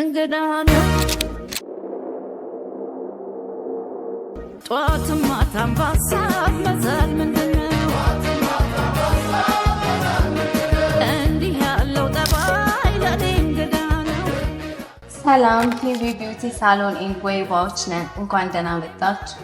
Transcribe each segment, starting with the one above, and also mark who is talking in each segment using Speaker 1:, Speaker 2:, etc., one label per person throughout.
Speaker 1: እንግዳ ነው ጠዋትም ማታም ባሳብ መዛል ምንድን ነው እንዲህ ያለው ጠባይ ለኔ እንግዳ ነው። ሰላም ቲቪ ቢዩቲ ሳሎን ነን። እንኳን ደህና መጣችሁ።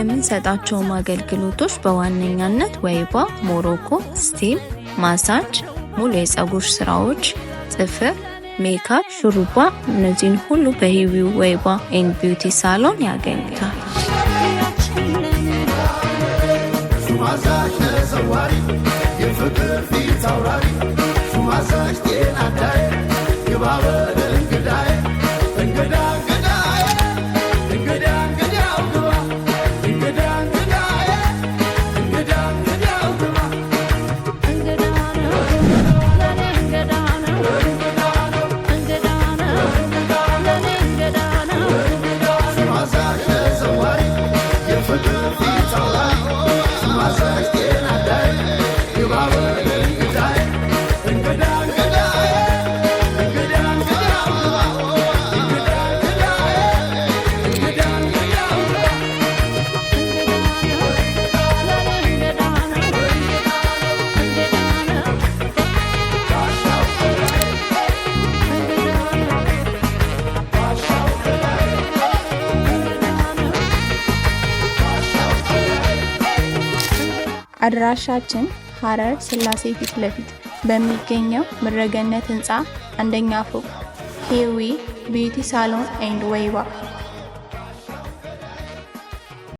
Speaker 1: የምንሰጣቸውም አገልግሎቶች በዋነኛነት ወይባ፣ ሞሮኮ፣ ስቲም፣ ማሳጅ፣ ሙሉ የፀጉር ስራዎች፣ ጥፍር፣ ሜካፕ፣ ሹሩባ፣ እነዚህን ሁሉ በሂዊ ወይባ ኤንድ ቢዩቲ ሳሎን ያገኙታል። የፍቅር ፊት አውራሪ ጤና ዳይ አድራሻችን ሀረር ስላሴ ፊት ለፊት በሚገኘው ምረገነት ህንፃ አንደኛ ፎቅ ሄዌ ቢዩቲ ሳሎን ኤንድ ወይባ